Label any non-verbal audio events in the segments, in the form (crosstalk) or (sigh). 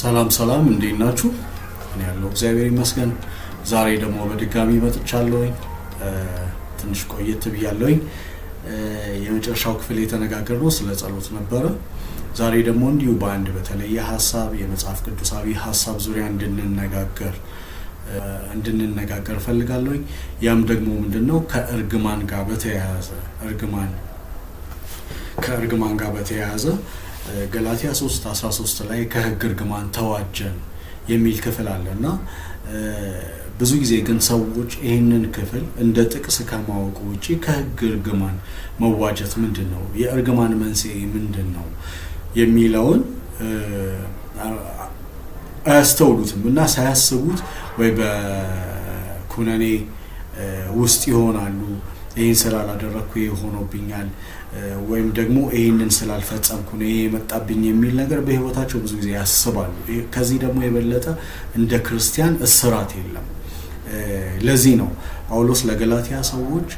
ሰላም ሰላም፣ እንዴት ናችሁ? እኔ ያለው እግዚአብሔር ይመስገን። ዛሬ ደግሞ በድጋሚ መጥቻለሁኝ። ትንሽ ቆየት ብያለሁኝ። የመጨረሻው ክፍል የተነጋገርነው ስለ ጸሎት ነበረ። ዛሬ ደግሞ እንዲሁ በአንድ በተለየ ሀሳብ የመጽሐፍ ቅዱሳዊ ሀሳብ ዙሪያ እንድንነጋገር እንድንነጋገር እፈልጋለሁኝ። ያም ደግሞ ምንድን ነው ከእርግማን ጋር በተያያዘ እርግማን ከእርግማን ጋር በተያያዘ ገላትያ 3 13 ላይ ከህግ እርግማን ተዋጀን የሚል ክፍል አለ እና ብዙ ጊዜ ግን ሰዎች ይህንን ክፍል እንደ ጥቅስ ከማወቁ ውጭ ከህግ እርግማን መዋጀት ምንድን ነው፣ የእርግማን መንስኤ ምንድን ነው የሚለውን አያስተውሉትም እና ሳያስቡት ወይ በኩነኔ ውስጥ ይሆናሉ ይህን ስላላደረግኩ ይሄ ሆኖብኛል ወይም ደግሞ ይህንን ስላልፈጸምኩ ነው ይሄ የመጣብኝ የሚል ነገር በህይወታቸው ብዙ ጊዜ ያስባሉ። ከዚህ ደግሞ የበለጠ እንደ ክርስቲያን እስራት የለም። ለዚህ ነው ጳውሎስ ለገላትያ ሰዎች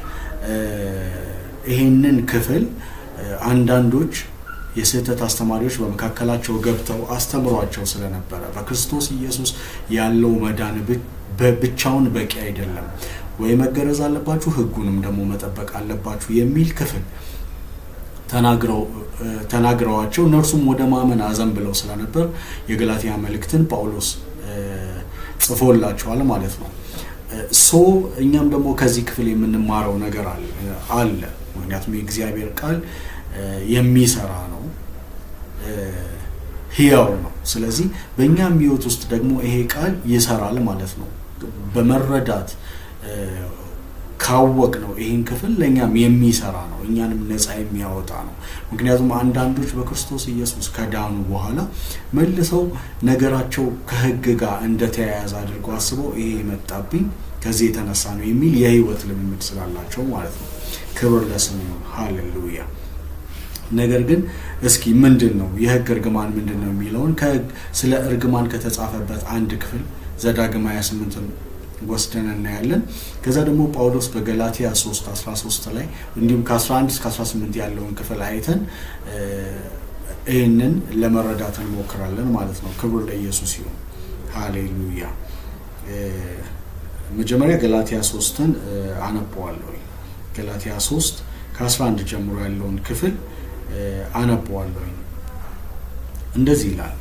ይህንን ክፍል አንዳንዶች የስህተት አስተማሪዎች በመካከላቸው ገብተው አስተምሯቸው ስለነበረ በክርስቶስ ኢየሱስ ያለው መዳን ብቻውን በቂ አይደለም ወይ መገረዝ አለባችሁ ህጉንም ደግሞ መጠበቅ አለባችሁ የሚል ክፍል ተናግረዋቸው እነርሱም ወደ ማመን አዘን ብለው ስለነበር የገላትያ መልእክትን ጳውሎስ ጽፎላቸዋል ማለት ነው። ሶ እኛም ደግሞ ከዚህ ክፍል የምንማረው ነገር አለ። ምክንያቱም የእግዚአብሔር ቃል የሚሰራ ነው፣ ህያው ነው። ስለዚህ በእኛም ህይወት ውስጥ ደግሞ ይሄ ቃል ይሰራል ማለት ነው በመረዳት ካወቅ ነው ይህን ክፍል ለእኛም የሚሰራ ነው፣ እኛንም ነፃ የሚያወጣ ነው። ምክንያቱም አንዳንዶች በክርስቶስ ኢየሱስ ከዳኑ በኋላ መልሰው ነገራቸው ከሕግ ጋር እንደተያያዘ አድርገው አስበው ይሄ የመጣብኝ ከዚህ የተነሳ ነው የሚል የህይወት ልምምድ ስላላቸው ማለት ነው። ክብር ለስሙ ነው። ሃሌሉያ። ነገር ግን እስኪ ምንድን ነው የህግ እርግማን ምንድን ነው የሚለውን ስለ እርግማን ከተጻፈበት አንድ ክፍል ዘዳግም 28 ወስደን እናያለን። ከዛ ደግሞ ጳውሎስ በገላትያ 3 13 ላይ እንዲሁም ከ11 እስከ 18 ያለውን ክፍል አይተን ይህንን ለመረዳት እንሞክራለን ማለት ነው። ክብር ለኢየሱስ ይሁን። ሃሌሉያ። መጀመሪያ ገላትያ 3ን አነበዋለሁ። ገላትያ 3 ከ11 ጀምሮ ያለውን ክፍል አነበዋለሁ። እንደዚህ ይላል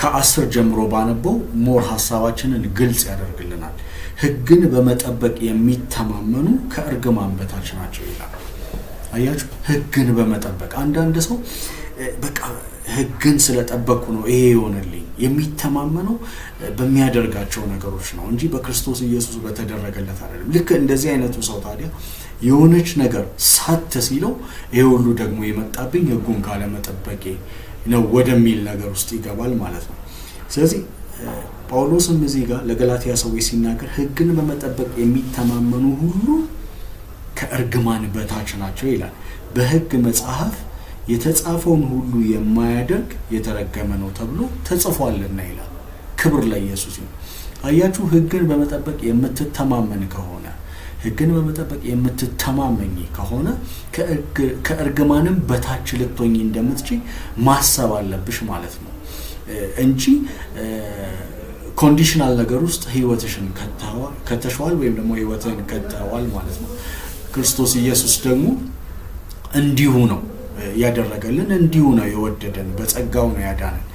ከአስር ጀምሮ ባነበው ሞር ሀሳባችንን ግልጽ ያደርግልናል። ህግን በመጠበቅ የሚተማመኑ ከእርግማን በታች ናቸው ይላል። አያችሁ፣ ህግን በመጠበቅ አንዳንድ ሰው በቃ ህግን ስለጠበቁ ነው ይሄ የሆነልኝ የሚተማመነው በሚያደርጋቸው ነገሮች ነው እንጂ በክርስቶስ ኢየሱስ በተደረገለት አይደለም። ልክ እንደዚህ አይነቱ ሰው ታዲያ የሆነች ነገር ሳት ሲለው ይሄ ሁሉ ደግሞ የመጣብኝ ህጉን ካለመጠበቄ ነው ወደሚል ነገር ውስጥ ይገባል ማለት ነው። ስለዚህ ጳውሎስም እዚህ ጋር ለገላትያ ሰዎች ሲናገር ሕግን በመጠበቅ የሚተማመኑ ሁሉ ከእርግማን በታች ናቸው ይላል። በሕግ መጽሐፍ የተጻፈውን ሁሉ የማያደርግ የተረገመ ነው ተብሎ ተጽፏልና ይላል። ክብር ለኢየሱስ ይሁን። አያችሁ፣ ሕግን በመጠበቅ የምትተማመን ከሆነ ህግን በመጠበቅ የምትተማመኝ ከሆነ ከእርግማንም በታች ልትሆኝ እንደምትችይ ማሰብ አለብሽ ማለት ነው እንጂ ኮንዲሽናል ነገር ውስጥ ህይወትሽን ከተሸዋል ወይም ደግሞ ህይወትን ከተዋል ማለት ነው። ክርስቶስ ኢየሱስ ደግሞ እንዲሁ ነው ያደረገልን፣ እንዲሁ ነው የወደደን፣ በጸጋው ነው ያዳነን፣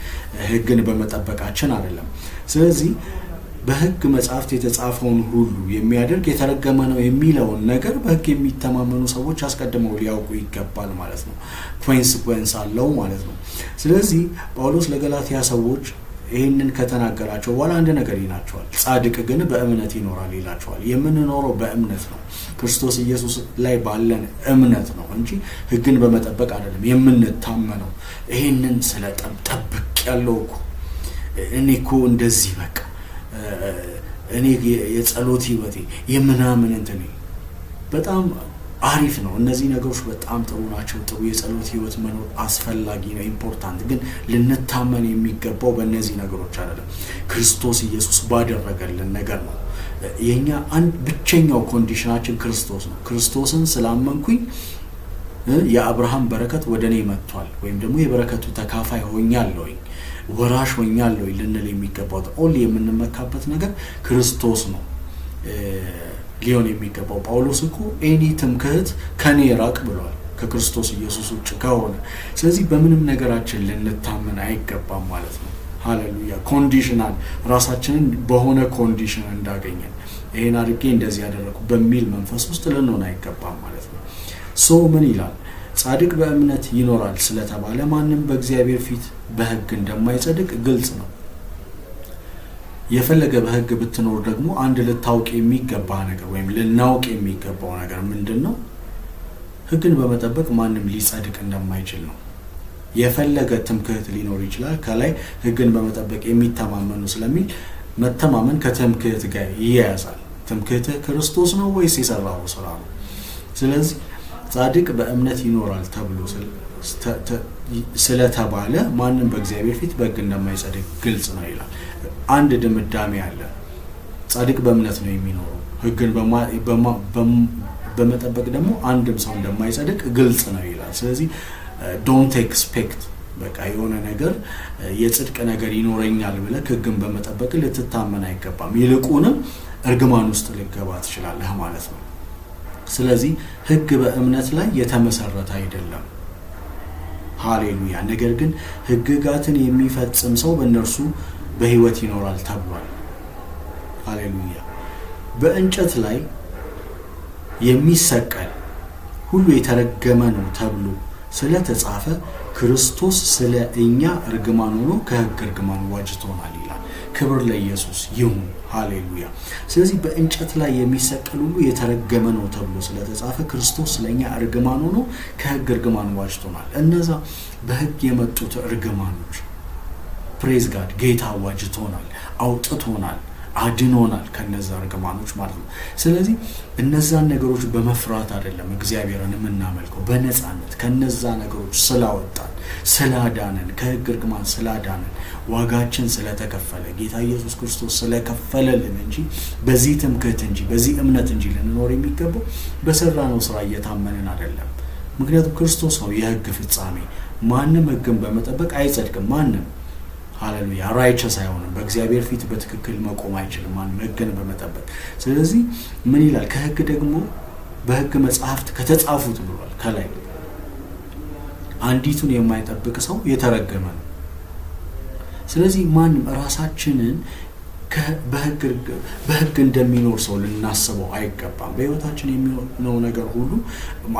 ህግን በመጠበቃችን አይደለም። ስለዚህ በህግ መጽሐፍት የተጻፈውን ሁሉ የሚያደርግ የተረገመ ነው የሚለውን ነገር በህግ የሚተማመኑ ሰዎች አስቀድመው ሊያውቁ ይገባል ማለት ነው። ኮንስኩዌንስ አለው ማለት ነው። ስለዚህ ጳውሎስ ለገላትያ ሰዎች ይህንን ከተናገራቸው በኋላ አንድ ነገር ይናቸዋል ጻድቅ ግን በእምነት ይኖራል ይላቸዋል። የምንኖረው በእምነት ነው፣ ክርስቶስ ኢየሱስ ላይ ባለን እምነት ነው እንጂ ህግን በመጠበቅ አይደለም የምንታመነው። ይህንን ስለ ጠብቅ ያለው እኮ እኔ እኮ እንደዚህ በቃ እኔ የጸሎት ህይወቴ የምናምን እንትን በጣም አሪፍ ነው። እነዚህ ነገሮች በጣም ጥሩ ናቸው። ጥሩ የጸሎት ህይወት መኖር አስፈላጊ ነው፣ ኢምፖርታንት። ግን ልንታመን የሚገባው በእነዚህ ነገሮች አይደለም፣ ክርስቶስ ኢየሱስ ባደረገልን ነገር ነው። የእኛ አንድ ብቸኛው ኮንዲሽናችን ክርስቶስ ነው። ክርስቶስን ስላመንኩኝ የአብርሃም በረከት ወደ እኔ መጥቷል፣ ወይም ደግሞ የበረከቱ ተካፋይ ሆኛለሁኝ ወራሽ ሆኛለሁ ልንል የሚገባው ኦንሊ የምንመካበት ነገር ክርስቶስ ነው ሊሆን የሚገባው። ጳውሎስ እኮ ኤኒ ትምክህት ከኔ ራቅ ብሏል፣ ከክርስቶስ ኢየሱስ ውጭ ከሆነ ስለዚህ በምንም ነገራችን ልንታመን አይገባም ማለት ነው። ሃሌሉያ። ኮንዲሽናል ራሳችንን በሆነ ኮንዲሽን እንዳገኘን ይሄን አድርጌ እንደዚህ ያደረኩ በሚል መንፈስ ውስጥ ልንሆን አይገባም ማለት ነው። ሶ ምን ይላል ጻድቅ በእምነት ይኖራል ስለተባለ ማንም በእግዚአብሔር ፊት በሕግ እንደማይጸድቅ ግልጽ ነው። የፈለገ በሕግ ብትኖር ደግሞ አንድ ልታውቅ የሚገባ ነገር ወይም ልናውቅ የሚገባው ነገር ምንድን ነው? ሕግን በመጠበቅ ማንም ሊጸድቅ እንደማይችል ነው። የፈለገ ትምክህት ሊኖር ይችላል። ከላይ ሕግን በመጠበቅ የሚተማመኑ ስለሚል መተማመን ከትምክህት ጋር ይያያዛል። ትምክህትህ ክርስቶስ ነው ወይስ የሰራው ስራ ነው? ስለዚህ ጻድቅ በእምነት ይኖራል ተብሎ ስለተባለ ማንም በእግዚአብሔር ፊት በሕግ እንደማይጸድቅ ግልጽ ነው ይላል። አንድ ድምዳሜ አለ። ጻድቅ በእምነት ነው የሚኖረው፣ ሕግን በመጠበቅ ደግሞ አንድም ሰው እንደማይጸድቅ ግልጽ ነው ይላል። ስለዚህ ዶንት ኤክስፔክት በቃ የሆነ ነገር የጽድቅ ነገር ይኖረኛል ብለህ ሕግን በመጠበቅ ልትታመን አይገባም። ይልቁንም እርግማን ውስጥ ልገባ ትችላለህ ማለት ነው። ስለዚህ ህግ በእምነት ላይ የተመሰረተ አይደለም። ሃሌሉያ። ነገር ግን ህግጋትን የሚፈጽም ሰው በእነርሱ በህይወት ይኖራል ተብሏል። ሃሌሉያ። በእንጨት ላይ የሚሰቀል ሁሉ የተረገመ ነው ተብሎ ስለ ተጻፈ ክርስቶስ ስለ እኛ እርግማን ሆኖ ከሕግ እርግማን ዋጅቶናል ይላል። ክብር ለኢየሱስ ይሁን፣ ሃሌሉያ። ስለዚህ በእንጨት ላይ የሚሰቀል ሁሉ የተረገመ ነው ተብሎ ስለተጻፈ ክርስቶስ ስለ እኛ እርግማን ሆኖ ከሕግ እርግማን ዋጅቶናል። እነዛ በሕግ የመጡት እርግማኖች ፕሬዝ ጋድ ጌታ ዋጅቶናል፣ አውጥቶናል አድኖናል ከነዛ እርግማኖች ማለት ነው። ስለዚህ እነዛን ነገሮች በመፍራት አይደለም እግዚአብሔርን የምናመልከው፣ በነፃነት ከነዛ ነገሮች ስላወጣን ስላዳነን፣ ከህግ እርግማን ስላዳነን፣ ዋጋችን ስለተከፈለ ጌታ ኢየሱስ ክርስቶስ ስለከፈለልን እንጂ በዚህ ትምክህት እንጂ በዚህ እምነት እንጂ ልንኖር የሚገባው በሰራነው ስራ እየታመንን አይደለም። ምክንያቱም ክርስቶስ ነው የህግ ፍጻሜ። ማንም ህግን በመጠበቅ አይጸድቅም። ማንም ሃሌሉያ ራይቸስ አይሆንም። በእግዚአብሔር ፊት በትክክል መቆም አይችልም ማን ህግን በመጠበቅ ስለዚህ ምን ይላል? ከህግ ደግሞ በህግ መጽሐፍት ከተጻፉት ብሏል ከላይ አንዲቱን የማይጠብቅ ሰው የተረገመ ነው። ስለዚህ ማንም ራሳችንን በህግ እንደሚኖር ሰው ልናስበው አይገባም። በህይወታችን የሚሆነው ነገር ሁሉ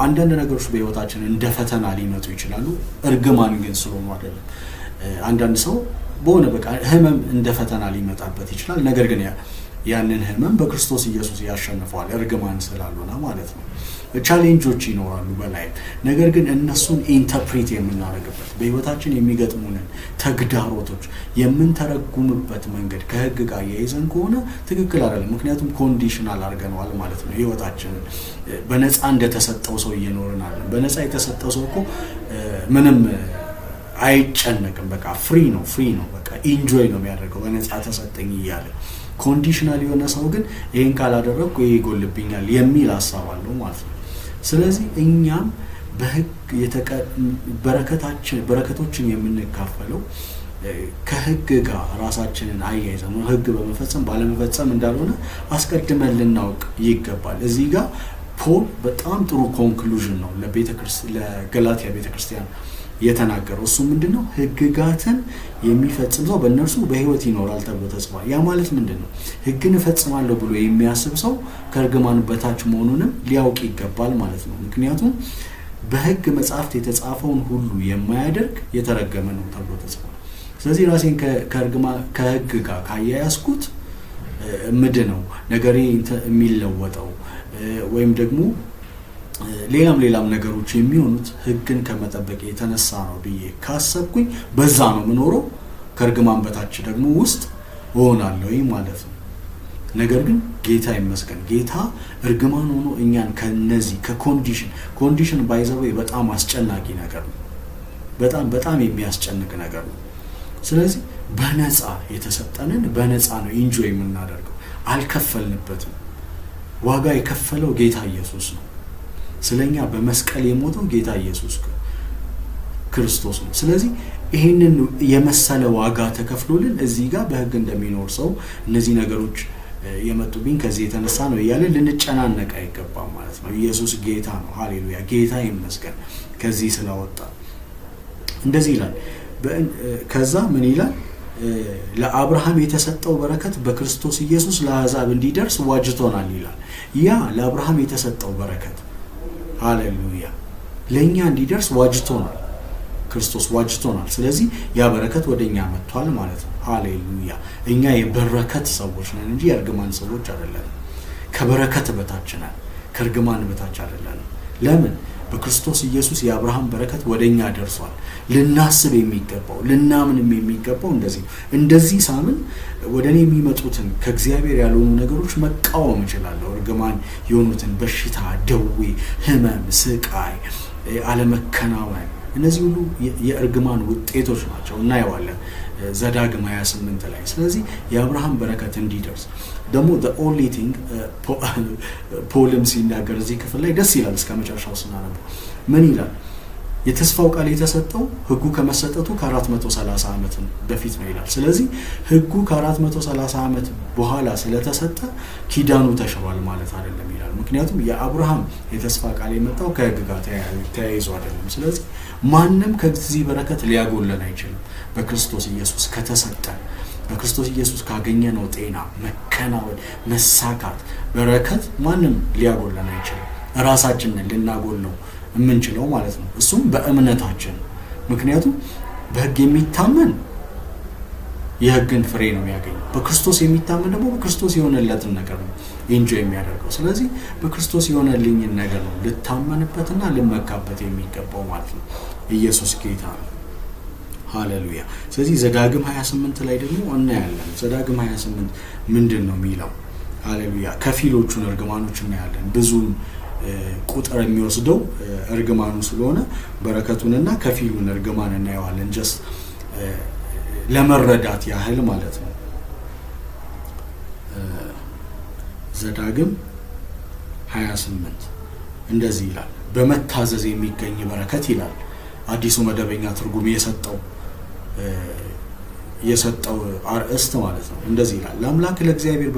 አንዳንድ ነገሮች በህይወታችን እንደ ፈተና ሊመጡ ይችላሉ። እርግማን ግን ስለሆኑ አይደለም። አንዳንድ ሰው በሆነ በቃ ህመም እንደ ፈተና ሊመጣበት ይችላል። ነገር ግን ያንን ህመም በክርስቶስ ኢየሱስ ያሸንፈዋል፣ እርግማን ስላልሆነ ማለት ነው። ቻሌንጆች ይኖራሉ በላይ ነገር ግን እነሱን ኢንተርፕሬት የምናደርግበት በህይወታችን የሚገጥሙንን ተግዳሮቶች የምንተረጉምበት መንገድ ከህግ ጋር ያይዘን ከሆነ ትክክል አይደለም። ምክንያቱም ኮንዲሽናል አድርገነዋል ማለት ነው። ህይወታችንን በነፃ እንደተሰጠው ሰው እየኖርን አለን። በነፃ የተሰጠው ሰው እኮ ምንም አይጨነቅም። በቃ ፍሪ ነው ፍሪ ነው በቃ ኢንጆይ ነው የሚያደርገው በነጻ ተሰጠኝ እያለ ኮንዲሽናል የሆነ ሰው ግን ይህን ካላደረግኩ ይሄ ይጎልብኛል የሚል ሀሳብ አለው ማለት ነው። ስለዚህ እኛም በህግ በረከቶችን የምንካፈለው ከህግ ጋር ራሳችንን አያይዘን ህግ በመፈጸም ባለመፈጸም እንዳልሆነ አስቀድመን ልናውቅ ይገባል። እዚህ ጋር ፖል በጣም ጥሩ ኮንክሉዥን ነው ለገላትያ ቤተክርስቲያን የተናገረው እሱ ምንድን ነው? ህግጋትን የሚፈጽም ሰው በእነርሱ በህይወት ይኖራል ተብሎ ተጽፏል። ያ ማለት ምንድን ነው? ህግን እፈጽማለሁ ብሎ የሚያስብ ሰው ከእርግማን በታች መሆኑንም ሊያውቅ ይገባል ማለት ነው። ምክንያቱም በህግ መጽሐፍት የተጻፈውን ሁሉ የማያደርግ የተረገመ ነው ተብሎ ተጽፏል። ስለዚህ ራሴን ከህግ ጋር ካያያዝኩት ምድ ነው ነገሬ የሚለወጠው ወይም ደግሞ ሌላም ሌላም ነገሮች የሚሆኑት ህግን ከመጠበቅ የተነሳ ነው ብዬ ካሰብኩኝ በዛ ነው የምኖረው። ከእርግማን በታች ደግሞ ውስጥ እሆናለሁ ማለት ነው። ነገር ግን ጌታ ይመስገን ጌታ እርግማን ሆኖ እኛን ከነዚህ ከኮንዲሽን ኮንዲሽን ባይዘው በጣም አስጨናቂ ነገር ነው። በጣም በጣም የሚያስጨንቅ ነገር ነው። ስለዚህ በነፃ የተሰጠንን በነፃ ነው ኢንጆይ የምናደርገው። አልከፈልንበትም። ዋጋ የከፈለው ጌታ ኢየሱስ ነው። ስለኛ በመስቀል የሞተው ጌታ ኢየሱስ ክርስቶስ ነው። ስለዚህ ይህንን የመሰለ ዋጋ ተከፍሎልን እዚህ ጋር በሕግ እንደሚኖር ሰው እነዚህ ነገሮች የመጡብኝ ከዚህ የተነሳ ነው እያለን ልንጨናነቅ አይገባም ማለት ነው። ኢየሱስ ጌታ ነው። ሀሌሉያ፣ ጌታ ይመስገን ከዚህ ስለወጣ እንደዚህ ይላል። ከዛ ምን ይላል? ለአብርሃም የተሰጠው በረከት በክርስቶስ ኢየሱስ ለአሕዛብ እንዲደርስ ዋጅቶናል ይላል። ያ ለአብርሃም የተሰጠው በረከት ሃሌሉያ ለእኛ እንዲደርስ ዋጅቶናል፣ ክርስቶስ ዋጅቶናል። ስለዚህ ያ በረከት ወደ እኛ መጥቷል ማለት ነው። ሃሌሉያ እኛ የበረከት ሰዎች ነን እንጂ የእርግማን ሰዎች አይደለንም። ከበረከት በታች ነን፣ ከእርግማን በታች አይደለንም። ለምን በክርስቶስ ኢየሱስ የአብርሃም በረከት ወደ እኛ ደርሷል። ልናስብ የሚገባው ልናምንም የሚገባው እንደዚህ ነው። እንደዚህ ሳምን ወደ እኔ የሚመጡትን ከእግዚአብሔር ያልሆኑ ነገሮች መቃወም እችላለሁ። እርግማን የሆኑትን በሽታ፣ ደዌ፣ ህመም ስቃይ፣ አለመከናወን እነዚህ ሁሉ የእርግማን ውጤቶች ናቸው። እናየዋለን። ዘዳግም 28 ላይ። ስለዚህ የአብርሃም በረከት እንዲደርስ ደግሞ ኦንሊ ቲንግ uh, (laughs) ፖልም ሲናገር እዚህ ክፍል ላይ ደስ ይላል። እስከ መጨረሻው ስናነበው ምን ይላል? የተስፋው ቃል የተሰጠው ህጉ ከመሰጠቱ ከ430 ዓመት በፊት ነው ይላል። ስለዚህ ህጉ ከ430 ዓመት በኋላ ስለተሰጠ ኪዳኑ ተሽሯል ማለት አይደለም ይላል። ምክንያቱም የአብርሃም የተስፋ ቃል የመጣው ከህግ ጋር ተያይዞ አይደለም። ስለዚህ ማንም ከዚህ በረከት ሊያጎለን አይችልም። በክርስቶስ ኢየሱስ ከተሰጠ በክርስቶስ ኢየሱስ ነው ጤና፣ መከናወን፣ መሳካት፣ በረከት ማንም ሊያጎለን አይችልም። ራሳችንን ልናጎል ነው የምንችለው ማለት ነው። እሱም በእምነታችን ምክንያቱም በህግ የሚታመን የህግን ፍሬ ነው የሚያገኘው። በክርስቶስ የሚታመን ደግሞ በክርስቶስ የሆነለትን ነገር ነው ኢንጆ የሚያደርገው። ስለዚህ በክርስቶስ የሆነልኝን ነገር ነው ልታመንበትና ልመካበት የሚገባው ማለት ነው። ኢየሱስ ጌታ ነው። ሃሌሉያ። ስለዚህ ዘዳግም 28 ላይ ደግሞ እናያለን። ዘዳግም 28 ምንድን ነው የሚለው? ሃሌሉያ። ከፊሎቹን እርግማኖች እናያለን ብዙም ቁጥር የሚወስደው እርግማኑ ስለሆነ በረከቱንና ከፊሉን እርግማን እናየዋለን። ጀስ ለመረዳት ያህል ማለት ነው። ዘዳግም 28 እንደዚህ ይላል፣ በመታዘዝ የሚገኝ በረከት ይላል አዲሱ መደበኛ ትርጉም የሰጠው የሰጠው አርእስት ማለት ነው። እንደዚህ ይላል ለአምላክ ለእግዚአብሔር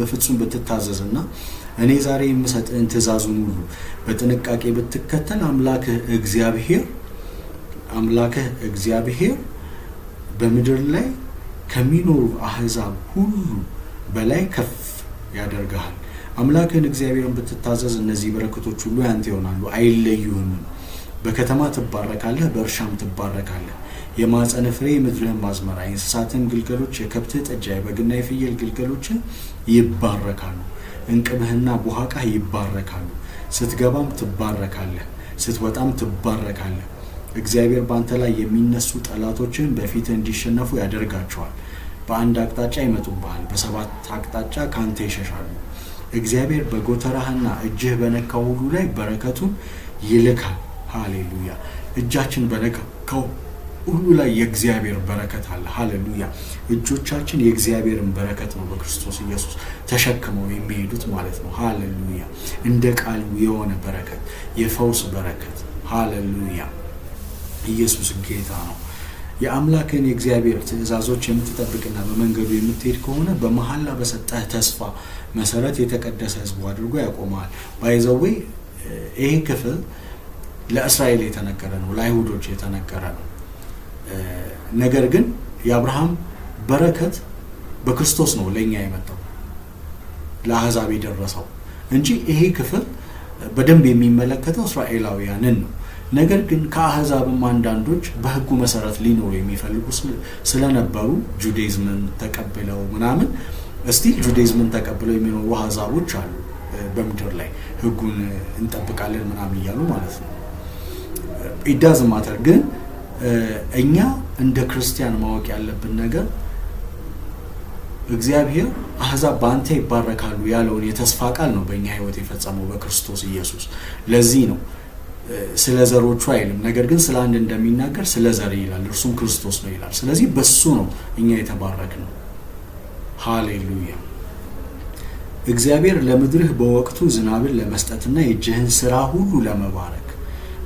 በፍጹም ብትታዘዝና እኔ ዛሬ የምሰጥህን ትእዛዙን ሁሉ በጥንቃቄ ብትከተል አምላክህ እግዚአብሔር አምላክህ እግዚአብሔር በምድር ላይ ከሚኖሩ አህዛብ ሁሉ በላይ ከፍ ያደርግሃል። አምላክህን እግዚአብሔርን ብትታዘዝ እነዚህ በረከቶች ሁሉ ያንተ ይሆናሉ፣ አይለዩህምም። በከተማ ትባረካለህ፣ በእርሻም ትባረካለህ። የማፀን ፍሬ የምድርህን ማዝመራ፣ የእንስሳትን ግልገሎች፣ የከብትህ ጥጃ፣ የበግና የፍየል ግልገሎች ይባረካሉ። እንቅብህና ቡሃቃህ ይባረካሉ። ስትገባም ትባረካለህ፣ ስትወጣም ትባረካለህ። እግዚአብሔር በአንተ ላይ የሚነሱ ጠላቶችን በፊት እንዲሸነፉ ያደርጋቸዋል። በአንድ አቅጣጫ ይመጡብሃል፣ በሰባት አቅጣጫ ከአንተ ይሸሻሉ። እግዚአብሔር በጎተራህና እጅህ በነካው ሁሉ ላይ በረከቱን ይልካል። ሃሌሉያ! እጃችን በነካው ሁሉ ላይ የእግዚአብሔር በረከት አለ። ሀሌሉያ! እጆቻችን የእግዚአብሔርን በረከት ነው በክርስቶስ ኢየሱስ ተሸክመው የሚሄዱት ማለት ነው። ሀሌሉያ! እንደ ቃሉ የሆነ በረከት፣ የፈውስ በረከት። ሀሌሉያ! ኢየሱስ ጌታ ነው። የአምላክን የእግዚአብሔር ትእዛዞች የምትጠብቅና በመንገዱ የምትሄድ ከሆነ በመሐላ በሰጠህ ተስፋ መሰረት የተቀደሰ ሕዝቡ አድርጎ ያቆመዋል። ባይዘዌ ይሄ ክፍል ለእስራኤል የተነገረ ነው፣ ለአይሁዶች የተነገረ ነው። ነገር ግን የአብርሃም በረከት በክርስቶስ ነው ለእኛ የመጣው ለአሕዛብ የደረሰው እንጂ ይሄ ክፍል በደንብ የሚመለከተው እስራኤላውያንን ነው። ነገር ግን ከአሕዛብም አንዳንዶች በህጉ መሰረት ሊኖሩ የሚፈልጉ ስለነበሩ ጁዴዝምን ተቀብለው ምናምን እስቲ ጁዴዝምን ተቀብለው የሚኖሩ አሕዛቦች አሉ በምድር ላይ ህጉን እንጠብቃለን ምናምን እያሉ ማለት ነው። ኢዳዝ ማተር ግን እኛ እንደ ክርስቲያን ማወቅ ያለብን ነገር እግዚአብሔር አህዛብ በአንተ ይባረካሉ ያለውን የተስፋ ቃል ነው በእኛ ህይወት የፈጸመው በክርስቶስ ኢየሱስ። ለዚህ ነው ስለ ዘሮቹ አይልም፣ ነገር ግን ስለ አንድ እንደሚናገር ስለ ዘር ይላል፣ እርሱም ክርስቶስ ነው ይላል። ስለዚህ በሱ ነው እኛ የተባረክ ነው። ሃሌሉያ። እግዚአብሔር ለምድርህ በወቅቱ ዝናብን ለመስጠትና የእጅህን ስራ ሁሉ ለመባረክ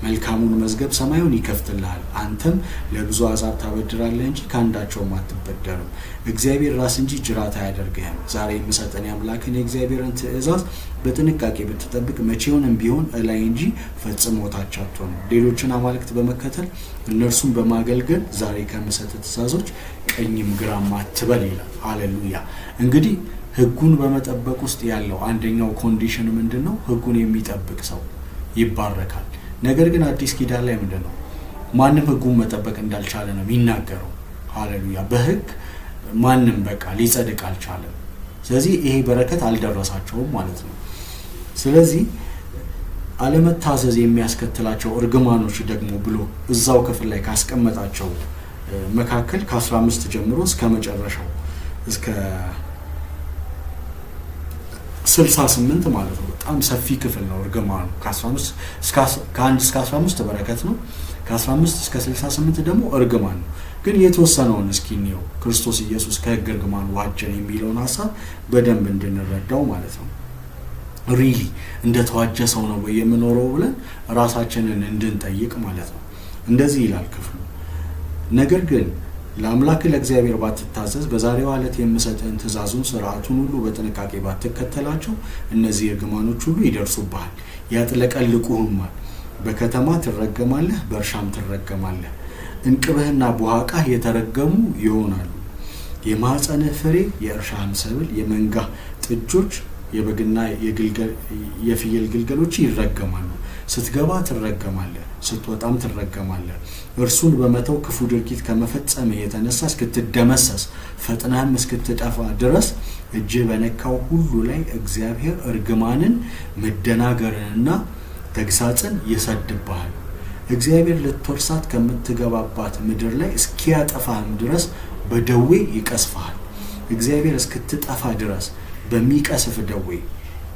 መልካሙን መዝገብ ሰማዩን ይከፍትልሃል። አንተም ለብዙ አሕዛብ ታበድራለህ እንጂ ከአንዳቸውም አትበደርም። እግዚአብሔር ራስ እንጂ ጅራት አያደርግህም። ዛሬ የምሰጠን አምላክን የእግዚአብሔርን ትእዛዝ በጥንቃቄ ብትጠብቅ መቼውንም ቢሆን እላይ እንጂ ፈጽሞ ታች አትሆንም። ሌሎችን አማልክት በመከተል እነርሱን በማገልገል ዛሬ ከምሰጥ ትእዛዞች ቀኝም ግራም አትበል ይላል። አሌሉያ። እንግዲህ ህጉን በመጠበቅ ውስጥ ያለው አንደኛው ኮንዲሽን ምንድን ነው? ህጉን የሚጠብቅ ሰው ይባረካል። ነገር ግን አዲስ ኪዳን ላይ ምንድን ነው ማንም ህጉን መጠበቅ እንዳልቻለ ነው የሚናገረው። ሀሌሉያ በህግ ማንም በቃ ሊጸድቅ አልቻለም። ስለዚህ ይሄ በረከት አልደረሳቸውም ማለት ነው። ስለዚህ አለመታዘዝ የሚያስከትላቸው እርግማኖች ደግሞ ብሎ እዛው ክፍል ላይ ካስቀመጣቸው መካከል ከ15 ጀምሮ እስከ መጨረሻው እስከ 68 ማለት ነው በጣም ሰፊ ክፍል ነው እርግማኑ። ከአንድ እስከ 15 በረከት ነው። ከ15 እስከ 68 ደግሞ እርግማን ነው። ግን የተወሰነውን እስኪ እንየው። ክርስቶስ ኢየሱስ ከህግ እርግማን ዋጀን የሚለውን ሀሳብ በደንብ እንድንረዳው ማለት ነው። ሪሊ እንደ ተዋጀ ሰው ነው ወይ የምኖረው ብለን ራሳችንን እንድንጠይቅ ማለት ነው። እንደዚህ ይላል ክፍሉ ነገር ግን ለአምላክ ለእግዚአብሔር ባትታዘዝ በዛሬዋ ዕለት የምሰጥህን ትእዛዙን ስርዓቱን ሁሉ በጥንቃቄ ባትከተላቸው እነዚህ እርግማኖች ሁሉ ይደርሱብሃል፣ ያጥለቀልቁህማል። በከተማ ትረገማለህ፣ በእርሻም ትረገማለህ። እንቅብህና ቡሃቃህ የተረገሙ ይሆናሉ። የማኅፀንህ ፍሬ፣ የእርሻህን ሰብል፣ የመንጋህ ጥጆች፣ የበግና የፍየል ግልገሎች ይረገማሉ። ስትገባ ትረገማለህ፣ ስትወጣም ትረገማለህ። እርሱን በመተው ክፉ ድርጊት ከመፈጸም የተነሳ እስክትደመሰስ ፈጥናህም እስክትጠፋ ድረስ እጅ በነካው ሁሉ ላይ እግዚአብሔር እርግማንን መደናገርንና ተግሳጽን ይሰድብሃል። እግዚአብሔር ልትወርሳት ከምትገባባት ምድር ላይ እስኪያጠፋህም ድረስ በደዌ ይቀስፋል እግዚአብሔር እስክትጠፋ ድረስ በሚቀስፍ ደዌ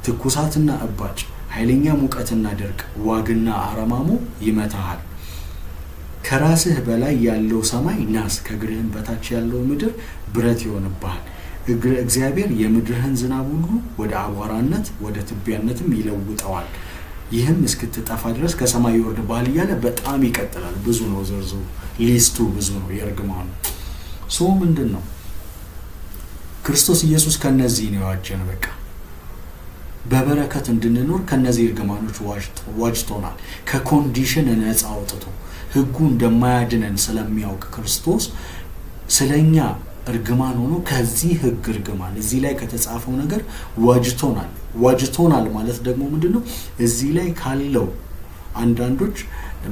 ትኩሳትና እባጭ፣ ኃይለኛ ሙቀትና ድርቅ፣ ዋግና አረማሞ ይመታሃል። ከራስህ በላይ ያለው ሰማይ ናስ፣ ከእግርህም በታች ያለው ምድር ብረት ይሆንብሃል። እግዚአብሔር የምድርህን ዝናብ ሁሉ ወደ አቧራነት ወደ ትቢያነትም ይለውጠዋል። ይህም እስክትጠፋ ድረስ ከሰማይ ይወርድብሃል እያለ በጣም ይቀጥላል። ብዙ ነው ዝርዝሩ፣ ሊስቱ ብዙ ነው የእርግማኑ። ሶ ምንድን ነው ክርስቶስ ኢየሱስ ከነዚህ ነው የዋጀን። በቃ በበረከት እንድንኖር ከነዚህ እርግማኖች ዋጅቶናል፣ ከኮንዲሽን ነፃ አውጥቶ ህጉ እንደማያድነን ስለሚያውቅ ክርስቶስ ስለኛ እርግማን ሆኖ ከዚህ ህግ እርግማን እዚህ ላይ ከተጻፈው ነገር ዋጅቶናል። ዋጅቶናል ማለት ደግሞ ምንድን ነው? እዚህ ላይ ካለው አንዳንዶች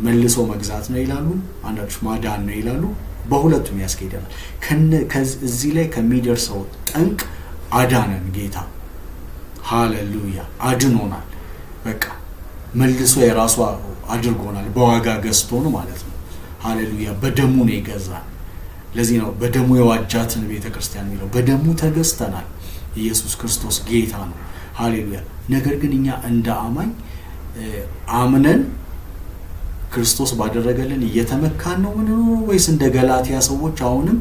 መልሶ መግዛት ነው ይላሉ፣ አንዳንዶች ማዳን ነው ይላሉ። በሁለቱም ያስኬደናል። እዚህ ላይ ከሚደርሰው ጠንቅ አዳነን ጌታ። ሃሌሉያ! አድኖናል በቃ መልሶ የራሱ አድርጎናል። በዋጋ ገዝቶን ማለት ነው። ሀሌሉያ! በደሙ ነው ይገዛል። ለዚህ ነው በደሙ የዋጃትን ቤተ ክርስቲያን የሚለው። በደሙ ተገዝተናል። ኢየሱስ ክርስቶስ ጌታ ነው። ሀሌሉያ! ነገር ግን እኛ እንደ አማኝ አምነን ክርስቶስ ባደረገልን እየተመካን ነው ምን ወይስ እንደ ገላትያ ሰዎች አሁንም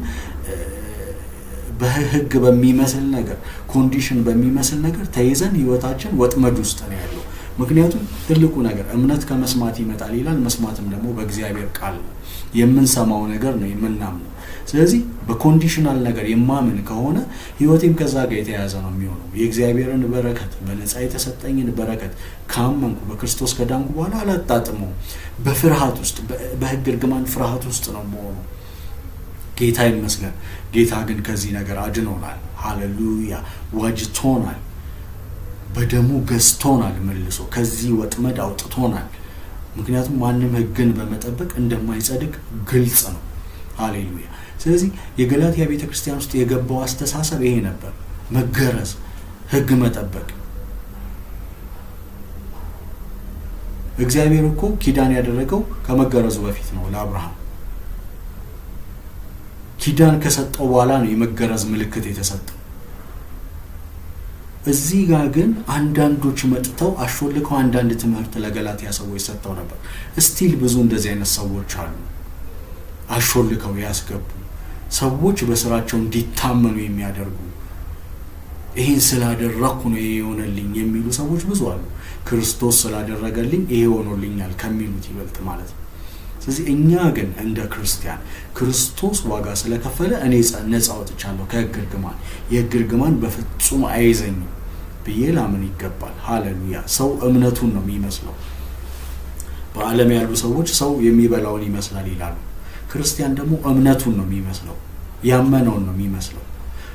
በህግ በሚመስል ነገር ኮንዲሽን በሚመስል ነገር ተይዘን ህይወታችን ወጥመድ ውስጥ ነው ያለው? ምክንያቱም ትልቁ ነገር እምነት ከመስማት ይመጣል ይላል። መስማትም ደግሞ በእግዚአብሔር ቃል ነው፣ የምንሰማው ነገር ነው የምናምነው። ስለዚህ በኮንዲሽናል ነገር የማምን ከሆነ ህይወቴም ከዛ ጋር የተያያዘ ነው የሚሆነው። የእግዚአብሔርን በረከት በነፃ የተሰጠኝን በረከት ካመንኩ በክርስቶስ ከዳንኩ በኋላ አላጣጥመው። በፍርሃት ውስጥ በህግ እርግማን ፍርሃት ውስጥ ነው መሆኑ። ጌታ ይመስገን። ጌታ ግን ከዚህ ነገር አድኖናል። ሃሌሉያ ዋጅቶናል። በደሙ ገዝቶናል፣ መልሶ ከዚህ ወጥመድ አውጥቶናል። ምክንያቱም ማንም ህግን በመጠበቅ እንደማይጸድቅ ግልጽ ነው። አሌሉያ። ስለዚህ የገላትያ ቤተ ክርስቲያን ውስጥ የገባው አስተሳሰብ ይሄ ነበር፣ መገረዝ፣ ህግ መጠበቅ። እግዚአብሔር እኮ ኪዳን ያደረገው ከመገረዙ በፊት ነው ለአብርሃም ኪዳን ከሰጠው በኋላ ነው የመገረዝ ምልክት የተሰጠው። እዚህ ጋር ግን አንዳንዶች መጥተው አሾልከው አንዳንድ ትምህርት ለገላትያ ሰዎች ሰጥተው ነበር። እስቲል ብዙ እንደዚህ አይነት ሰዎች አሉ፣ አሾልከው ያስገቡ ሰዎች በስራቸው እንዲታመኑ የሚያደርጉ ይህን ስላደረግኩ ነው ይሄ የሆነልኝ የሚሉ ሰዎች ብዙ አሉ። ክርስቶስ ስላደረገልኝ ይሄ ሆኖልኛል ከሚሉት ይበልጥ ማለት ነው። ስለዚህ እኛ ግን እንደ ክርስቲያን ክርስቶስ ዋጋ ስለከፈለ እኔ ነጻ ወጥቻለሁ ከህግ እርግማን፣ የህግ እርግማን በፍጹም አይዘኝም ብዬ ላምን ይገባል። ሀሌሉያ! ሰው እምነቱን ነው የሚመስለው። በአለም ያሉ ሰዎች ሰው የሚበላውን ይመስላል ይላሉ። ክርስቲያን ደግሞ እምነቱን ነው የሚመስለው፣ ያመነውን ነው የሚመስለው።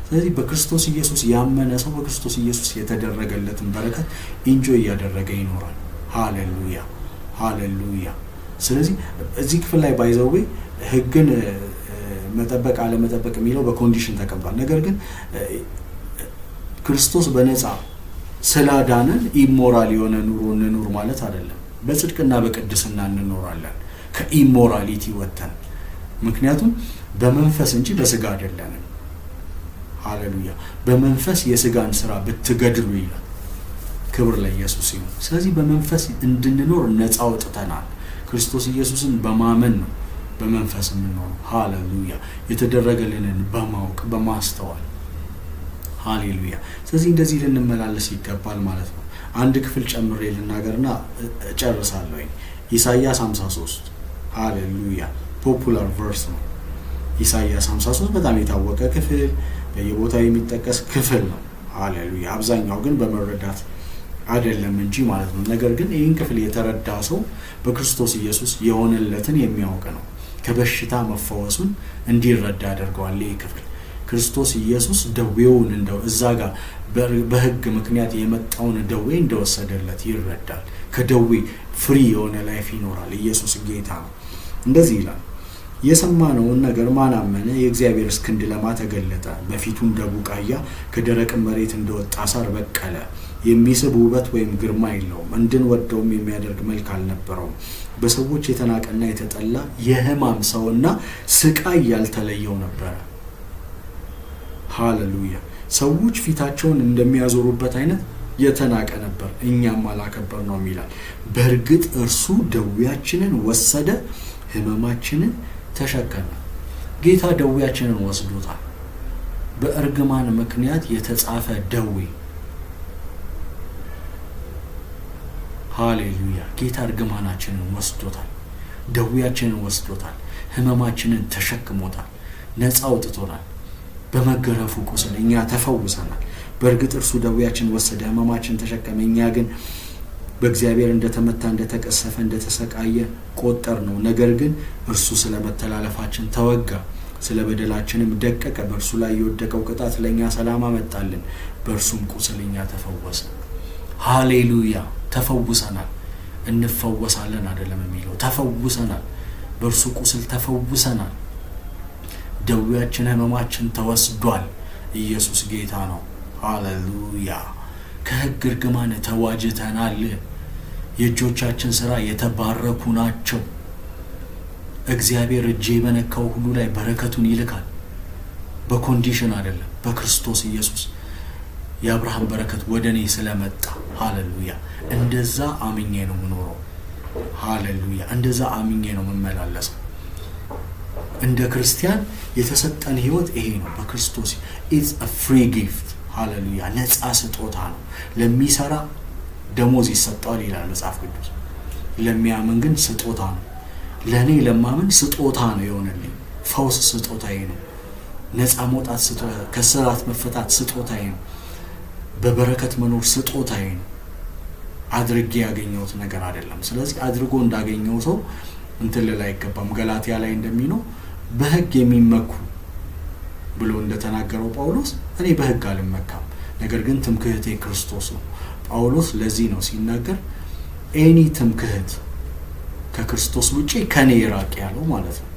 ስለዚህ በክርስቶስ ኢየሱስ ያመነ ሰው በክርስቶስ ኢየሱስ የተደረገለትን በረከት ኢንጆይ እያደረገ ይኖራል። ሀሌሉያ! ሀሌሉያ! ስለዚህ እዚህ ክፍል ላይ ባይዘዌ ህግን መጠበቅ አለመጠበቅ የሚለው በኮንዲሽን ተቀምጧል። ነገር ግን ክርስቶስ በነፃ ስላዳነን ኢሞራል የሆነ ኑሮ እንኑር ማለት አይደለም። በጽድቅና በቅድስና እንኖራለን ከኢሞራሊቲ ወጥተን፣ ምክንያቱም በመንፈስ እንጂ በስጋ አይደለንም። ሃሌሉያ! በመንፈስ የስጋን ስራ ብትገድሉ ይላል። ክብር ለኢየሱስ ይሁን። ስለዚህ በመንፈስ እንድንኖር ነፃ ወጥተናል። ክርስቶስ ኢየሱስን በማመን ነው በመንፈስ የምንሆነው። ሃሌሉያ! የተደረገልንን በማወቅ በማስተዋል ሃሌሉያ! ስለዚህ እንደዚህ ልንመላለስ ይገባል ማለት ነው። አንድ ክፍል ጨምሬ ልናገርና እጨርሳለሁ። ኢሳያስ 53 ሃሌሉያ! ፖፑላር ቨርስ ነው። ኢሳያስ 53 በጣም የታወቀ ክፍል፣ በየቦታው የሚጠቀስ ክፍል ነው። ሃሌሉያ! አብዛኛው ግን በመረዳት አይደለም እንጂ ማለት ነው። ነገር ግን ይህን ክፍል የተረዳ ሰው በክርስቶስ ኢየሱስ የሆነለትን የሚያውቅ ነው። ከበሽታ መፈወሱን እንዲረዳ ያደርገዋል። ይህ ክፍል ክርስቶስ ኢየሱስ ደዌውን እንደው እዛ ጋር በሕግ ምክንያት የመጣውን ደዌ እንደወሰደለት ይረዳል። ከደዌ ፍሪ የሆነ ላይፍ ይኖራል። ኢየሱስ ጌታ ነው። እንደዚህ ይላል የሰማነውን ነገር ማን አመነ? የእግዚአብሔር እስክንድ ለማ ተገለጠ። በፊቱም ከደረቅ መሬት እንደወጣ ሳር በቀለ። የሚስብ ውበት ወይም ግርማ የለውም። እንድንወደውም የሚያደርግ መልክ አልነበረውም። በሰዎች የተናቀና የተጠላ የህማም ሰውና ስቃይ ያልተለየው ነበረ። ሃሌሉያ! ሰዎች ፊታቸውን እንደሚያዞሩበት አይነት የተናቀ ነበር፣ እኛም አላከበር ነው ይላል። በእርግጥ እርሱ ደዌያችንን ወሰደ፣ ህመማችንን ተሸከመ። ጌታ ደዌያችንን ወስዶታል። በእርግማን ምክንያት የተጻፈ ደዌ ሃሌሉያ። ጌታ እርግማናችንን ወስዶታል፣ ደዌያችንን ወስዶታል፣ ህመማችንን ተሸክሞታል፣ ነፃ አውጥቶናል። በመገረፉ ቁስል እኛ ተፈውሰናል። በእርግጥ እርሱ ደዌያችን ወሰደ፣ ህመማችን ተሸከመ። እኛ ግን በእግዚአብሔር እንደተመታ እንደተቀሰፈ፣ እንደተሰቃየ ቆጠር ነው። ነገር ግን እርሱ ስለ መተላለፋችን ተወጋ፣ ስለ በደላችንም ደቀቀ። በእርሱ ላይ የወደቀው ቅጣት ለእኛ ሰላም አመጣልን፣ በእርሱም ቁስል እኛ ተፈወሰ። ሃሌሉያ ተፈውሰናል፣ እንፈወሳለን አይደለም የሚለው ተፈውሰናል፣ በእርሱ ቁስል ተፈውሰናል፣ ደዌያችን ህመማችን ተወስዷል። ኢየሱስ ጌታ ነው። ሃሌሉያ ከህግ እርግማን ተዋጅተናል። የእጆቻችን ስራ የተባረኩ ናቸው። እግዚአብሔር እጄ በነካው ሁሉ ላይ በረከቱን ይልካል። በኮንዲሽን አይደለም፣ በክርስቶስ ኢየሱስ የአብርሃም በረከት ወደ እኔ ስለመጣ ሃሌሉያ፣ እንደዛ አምኜ ነው የምኖረው። ሃሌሉያ፣ እንደዛ አምኜ ነው የምመላለሰው። እንደ ክርስቲያን የተሰጠን ህይወት ይሄ ነው። በክርስቶስ ኢትስ አ ፍሪ ጊፍት ሃሌሉያ፣ ነፃ ስጦታ ነው። ለሚሰራ ደሞዝ ይሰጠዋል ይላል መጽሐፍ ቅዱስ። ለሚያምን ግን ስጦታ ነው። ለእኔ ለማምን ስጦታ ነው የሆነልኝ። ፈውስ ስጦታዬ ነው። ነፃ መውጣት ስጦታ፣ ከስራት መፈታት ስጦታዬ ነው። በበረከት መኖር ስጦታዬን አድርጌ ያገኘሁት ነገር አይደለም። ስለዚህ አድርጎ እንዳገኘው ሰው እንትን ልል አይገባም። ገላትያ ላይ እንደሚለው በሕግ የሚመኩ ብሎ እንደተናገረው ጳውሎስ እኔ በሕግ አልመካም፣ ነገር ግን ትምክህቴ ክርስቶስ ነው። ጳውሎስ ለዚህ ነው ሲናገር ኤኒ ትምክህት ከክርስቶስ ውጪ ከኔ የራቅ ያለው ማለት ነው።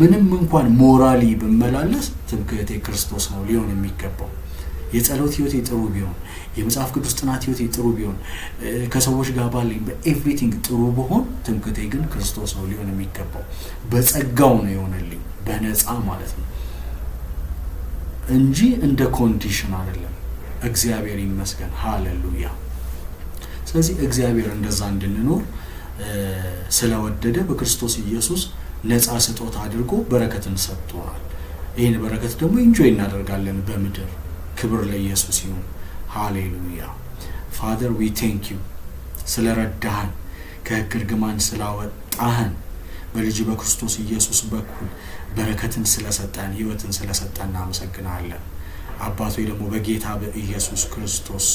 ምንም እንኳን ሞራሊ ብመላለስ ትምክህቴ ክርስቶስ ነው ሊሆን የሚገባው። የጸሎት ህይወት ጥሩ ቢሆን፣ የመጽሐፍ ቅዱስ ጥናት ህይወት ጥሩ ቢሆን፣ ከሰዎች ጋር ባለኝ በኤቭሪቲንግ ጥሩ በሆን፣ ትምክቴ ግን ክርስቶስ ነው ሊሆን የሚገባው። በጸጋው ነው የሆነልኝ በነፃ ማለት ነው እንጂ እንደ ኮንዲሽን አይደለም። እግዚአብሔር ይመስገን፣ ሃሌሉያ። ስለዚህ እግዚአብሔር እንደዛ እንድንኖር ስለወደደ በክርስቶስ ኢየሱስ ነፃ ስጦታ አድርጎ በረከትን ሰጥቶናል። ይህን በረከት ደግሞ ኢንጆይ እናደርጋለን በምድር ክብር ለኢየሱስ ይሁን። ሃሌሉያ። ፋደር ዊ ቴንክ ዩ ስለ ረዳህን፣ እርግማን ስላወጣህን፣ በልጅ በክርስቶስ ኢየሱስ በኩል በረከትን ስለሰጠን፣ ህይወትን ስለሰጠን እናመሰግናለን። አባቶ ደግሞ በጌታ በኢየሱስ ክርስቶስ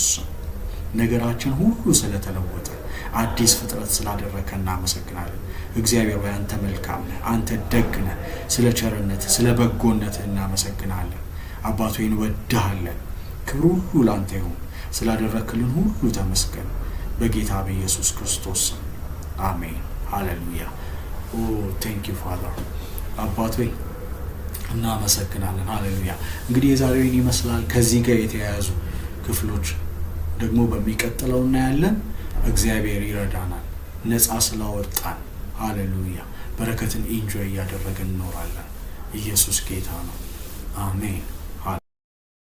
ነገራችን ሁሉ ስለተለወጠ አዲስ ፍጥረት ስላደረከ እናመሰግናለን። እግዚአብሔር ወይ አንተ መልካም ነህ፣ አንተ ደግ ነህ። ስለ ቸርነትህ ስለ በጎነትህ እናመሰግናለን። አባቶ እንወድሃለን። ክብር ሁሉ ላንተ ይሁን። ስላደረክልን ሁሉ ተመስገን። በጌታ በኢየሱስ ክርስቶስ አሜን። ሃሌሉያ። ኦ ቴንክ ዩ ፋዘር። አባት ሆይ እናመሰግናለን። ሃሌሉያ። እንግዲህ የዛሬውን ይመስላል። ከዚህ ጋር የተያያዙ ክፍሎች ደግሞ በሚቀጥለው እናያለን። እግዚአብሔር ይረዳናል። ነፃ ስላወጣን ሃሌሉያ። በረከትን ኢንጆይ እያደረግን እኖራለን ኢየሱስ ጌታ ነው። አሜን።